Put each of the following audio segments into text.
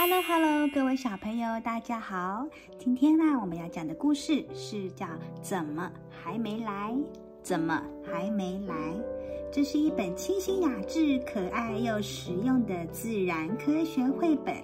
Hello，Hello，hello 各位小朋友，大家好。今天呢，我們要講的故事是叫《怎麼還沒來？怎麼還沒來？》這是一本清新雅致、可愛又實用的自然科學繪本。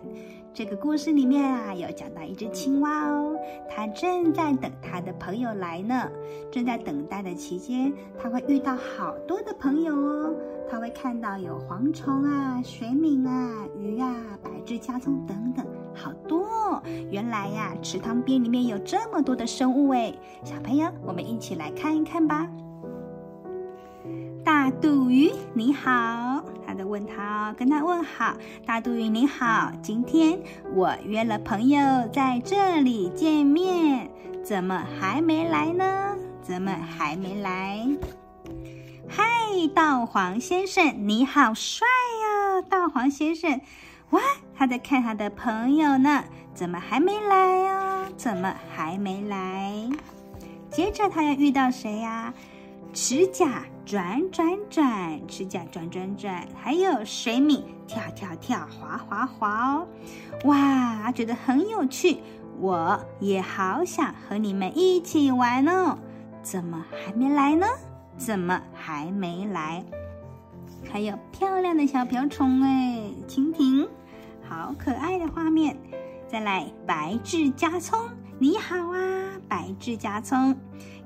這個故事裡面啊，有講到一只青蛙哦，它正在等它的朋友來呢。正在等待的期間，它會遇到好多的朋友哦。它會看到有蝗蟲啊、水黾啊、魚啊、百只家蟲等等，好多哦。原來呀，池塘邊裡面有這麼多的生物哎！小朋友，我們一起來看一看吧。大肚魚，你好。的問他、哦，跟他問好，大肚魚，你好，今天我約了朋友在這裡見面，怎麼還沒來呢？怎麼還沒來？嗨，道黃先生，你好帥呀，啊，道黃先生，哇，他在看他的朋友呢，怎麼還沒來呀，啊？怎麼還沒來？接着他要遇到誰呀，啊？指甲。轉轉轉，指甲轉轉轉，還有水黽跳跳跳，滑滑滑哦！哇，覺得很有趣，我也好想和你們一起玩哦。怎麼還沒來呢？怎麼還沒來？還有漂亮的小瓢蟲哎，蜻蜓，好可愛的畫面。再來白痣珈蟌，你好啊，白痣珈蟌。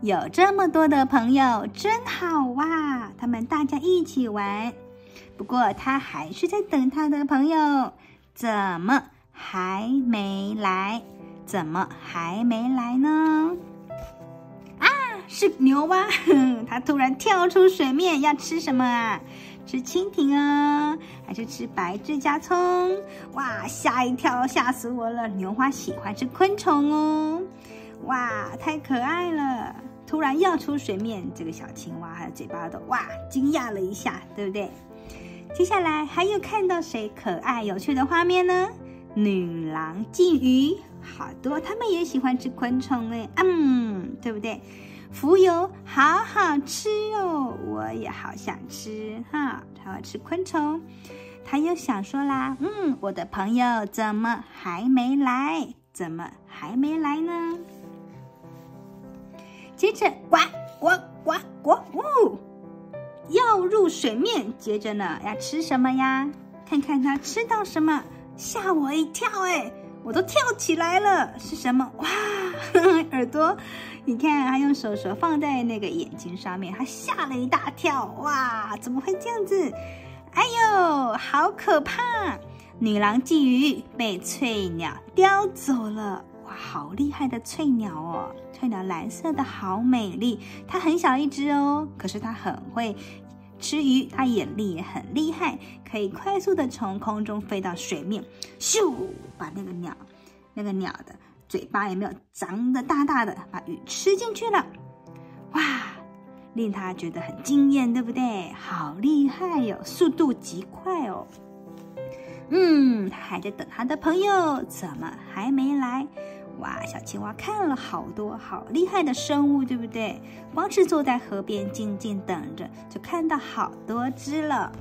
有這麼多的朋友真好哇！他們大家一起玩。不過他還是在等他的朋友，怎麼還沒來？怎麼還沒來呢？啊，是牛蛙！他突然跳出水面，要吃什麼啊？吃蜻蜓哦，還是吃白芝麻蔥？哇，嚇一跳，嚇死我了！牛蛙喜歡吃昆蟲哦。哇，太可愛了！突然躍出水面，這個小青蛙還有嘴巴都哇驚訝了一下，對不對？接下來還有看到誰可愛有趣的畫面呢？女郎金魚好多，他們也喜歡吃昆蟲哎，嗯，對不對？蜉蝣好好吃哦，我也好想吃哈，它要吃昆蟲。他又想說啦，嗯，我的朋友怎麼還沒來？怎麼還沒來呢？接着呱呱呱呱嗚，躍、哦、入水面。接着呢，要吃什麼呀？看看它吃到什麼，嚇我一跳誒，我都跳起來了，是什麼？哇，呵呵耳朵！你看，還用手手放在那個眼睛上面，還嚇了一大跳。哇，怎麼會這樣子？哎呦，好可怕！女郎鯽魚被翠鳥叼走了。哇，好厲害的翠鳥哦！翠鳥藍色的好美麗，它很小一隻哦，可是它很會吃魚，它眼力也很厲害，可以快速地從空中飛到水面，咻！把那個鳥，那個鳥的嘴巴有沒有張得大大的，把魚吃進去了？哇！令它覺得很驚艷，對不對？好厲害喲，哦，速度極快哦。嗯，它還在等它的朋友，怎麼還沒來？哇，小青蛙看了好多好厲害的生物，對不對？光是坐在河邊靜靜等着，就看到好多隻了。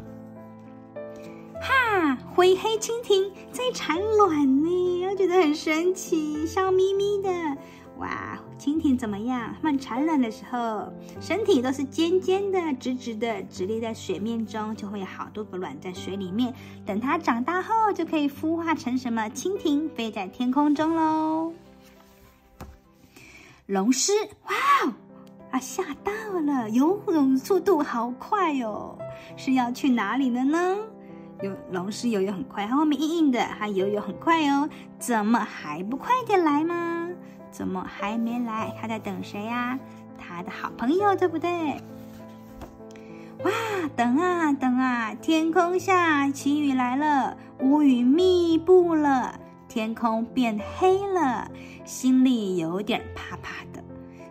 哈，灰黑蜻蜓在產卵呢，我覺得很神奇，笑眯眯的。哇，蜻蜓怎麼樣？它們產卵的時候，身體都是尖尖的、直直的，直立在水面中，就會有好多個卵在水裡面。等它長大後，就可以孵化成什麼蜻蜓，飛在天空中嘍。龍蝨，哇哦，啊，嚇到了！游泳速度好快哦，是要去哪裡了呢？有龍蝨游泳很快，它後面硬硬的，它游泳很快哦，怎麼還不快點來嗎？怎麼還沒來？他在等誰呀、啊？他的好朋友，對不對？哇，等啊等啊，天空下起雨來了，烏雲密布了。天空變黑了，心裡有點怕怕的。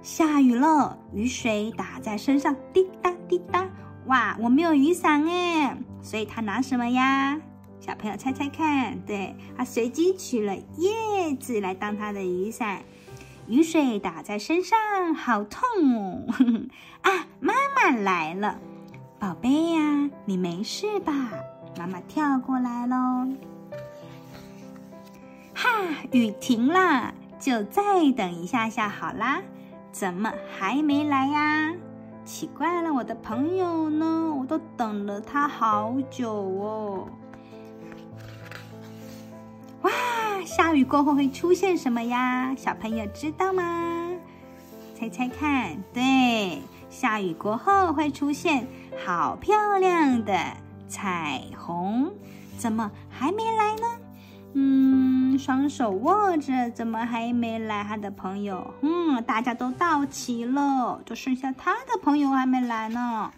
下雨了，雨水打在身上，滴答滴答。哇，我沒有雨傘誒，所以他拿什麼呀？小朋友猜猜看，對，他隨機取了葉子來當他的雨傘。雨水打在身上，好痛哦！呵呵，啊，媽媽來了，寶貝呀、啊，你沒事吧？媽媽跳過來嘍。雨停了，就再等一下下好啦。怎麼還沒來呀？奇怪了，我的朋友呢？我都等了他好久哦。哇，下雨過後會出現什麼呀？小朋友知道嗎？猜猜看。對，下雨過後會出現好漂亮的彩虹。怎麼還沒來呢？嗯。雙手握着，怎麼還沒來他的朋友？嗯，大家都到齊了，就剩下他的朋友還沒來呢。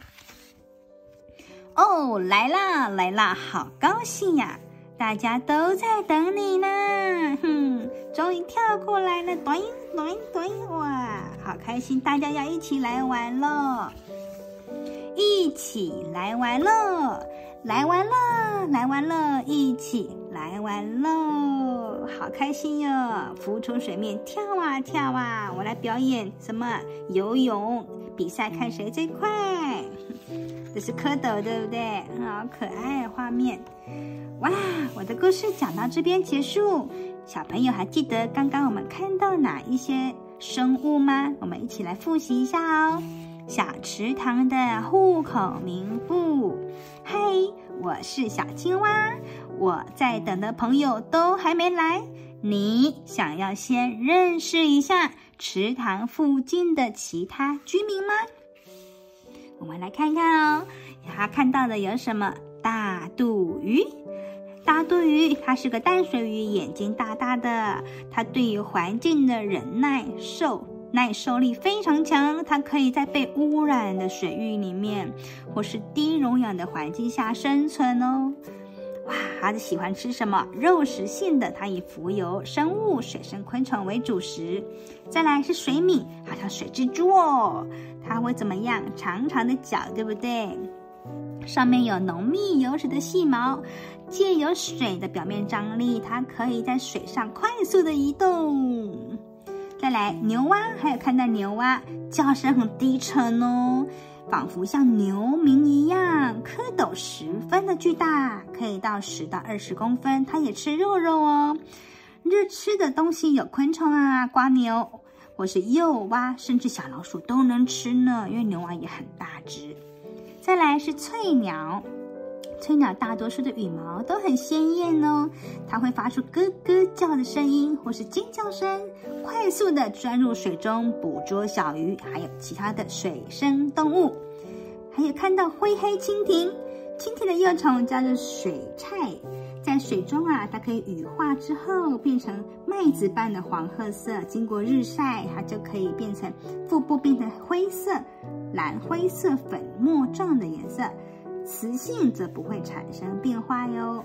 哦，來啦來啦，好高興呀！大家都在等你呢。哼，終於跳過來了，咚咚咚！哇，好開心！大家要一起來玩嘍。一起來玩囉，來玩囉，來玩囉，一起來玩囉，好開心喲、哦！浮出水面，跳啊跳啊！我來表演什麼游泳比賽，看誰最快？這是蝌蚪，對不對？好可愛畫面！哇，我的故事講到這邊結束，小朋友還記得剛剛我們看到哪一些生物嗎？我們一起來複習一下哦。小池塘的戶口名簿，嘿、hey，我是小青蛙，我在等的朋友都還沒來。你想要先認識一下池塘附近的其他居民嗎？我們來看一看哦，它看到的有什麼？大肚魚，大肚魚，它是個淡水魚，眼睛大大的，它對於環境的忍耐受，耐受力非常強，它可以在被污染的水域裡面，或是低溶氧的環境下生存哦。哇，孩子喜歡吃什麼？肉食性的，它以浮游生物、水生昆蟲為主食。再來是水黽，好像水蜘蛛哦。它會怎麼樣？長長的腳，對不對？上面有濃密油脂的細毛，借由水的表面張力，它可以在水上快速的移動。再來牛蛙，還有看到牛蛙叫聲很低沉哦，仿佛像牛鳴一樣。蝌蚪十分的巨大，可以到十到二十公分。它也吃肉肉哦，牠吃的東西有昆蟲啊、蝸牛，或是幼蛙，甚至小老鼠都能吃呢。因為牛蛙也很大只。再來是翠鳥。翠鳥大多數的羽毛都很鮮艷哦，它會發出咯咯叫的聲音或是尖叫聲，快速地鑽入水中捕捉小魚，還有其他的水生動物。還有看到灰黑蜻蜓，蜻蜓的幼蟲叫做水蠆，在水中啊，它可以羽化之後變成麥子般的黃褐色，經過日曬，它就可以變成腹部變成灰色、藍灰色粉末狀的顏色。雌性則不會產生變化喲。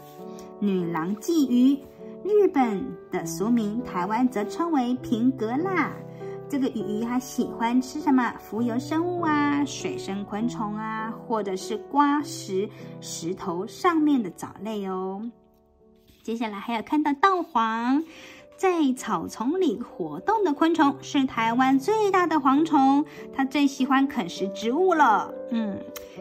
女郎鯽魚，日本的俗名，台灣則稱為平格啦。這個魚魚還喜歡吃什麼？浮游生物啊，水生昆蟲啊，或者是刮食石，石頭上面的藻類哦。接下來還要看到稻黃。在草叢裡活動的昆蟲是台灣最大的蝗蟲，它最喜歡啃食植物了。嗯，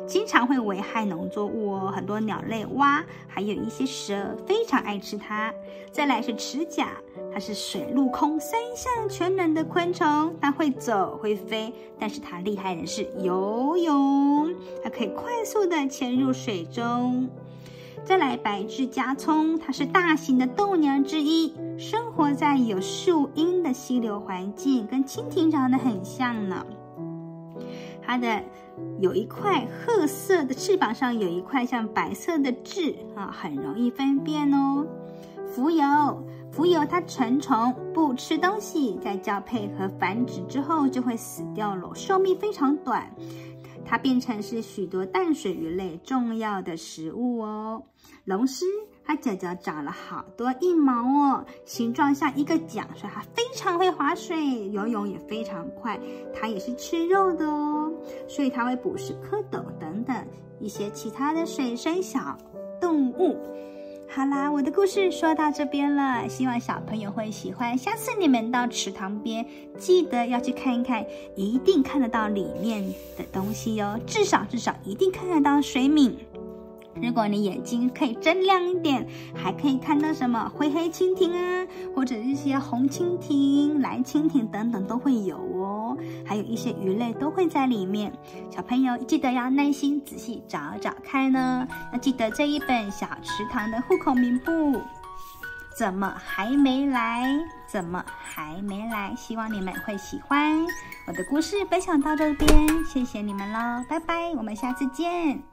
經常會危害農作物哦。很多鳥類、蛙，還有一些蛇，非常愛吃它。再來是池甲，它是水陸空三項全能的昆蟲，它會走會飛，但是它厲害的是游泳，它可以快速地潛入水中。再來白痣珈蟌，它是大型的豆娘之一，生活在有樹蔭的溪流環境，跟蜻蜓長得很像呢。它的有一塊褐色的翅膀上有一塊像白色的痣啊，很容易分辨哦。蜉蝣，蜉蝣它成蟲不吃東西，在交配和繁殖之後就會死掉了，壽命非常短。它變成是許多淡水魚類重要的食物哦。龍蝨它腳腳長了好多硬毛哦，形狀像一個槳，所以它非常會划水，游泳也非常快。它也是吃肉的哦，所以它會捕食蝌蚪等等一些其他的水生小動物。好啦，我的故事說到這邊了，希望小朋友會喜歡。下次你們到池塘邊，記得要去看一看，一定看得到裡面的東西喲、哦。至少至少一定看得到水黽。如果你眼睛可以睜亮一點，還可以看到什麼灰黑蜻蜓啊，或者一些紅蜻蜓、藍蜻蜓等等都會有。還有一些魚類都會在裡面，小朋友記得要耐心仔細找找看呢。要記得這一本小池塘的戶口名簿，怎麼還沒來？怎麼還沒來？希望你們會喜歡我的故事。分享到這邊，謝謝你們嘍，拜拜，我們下次見。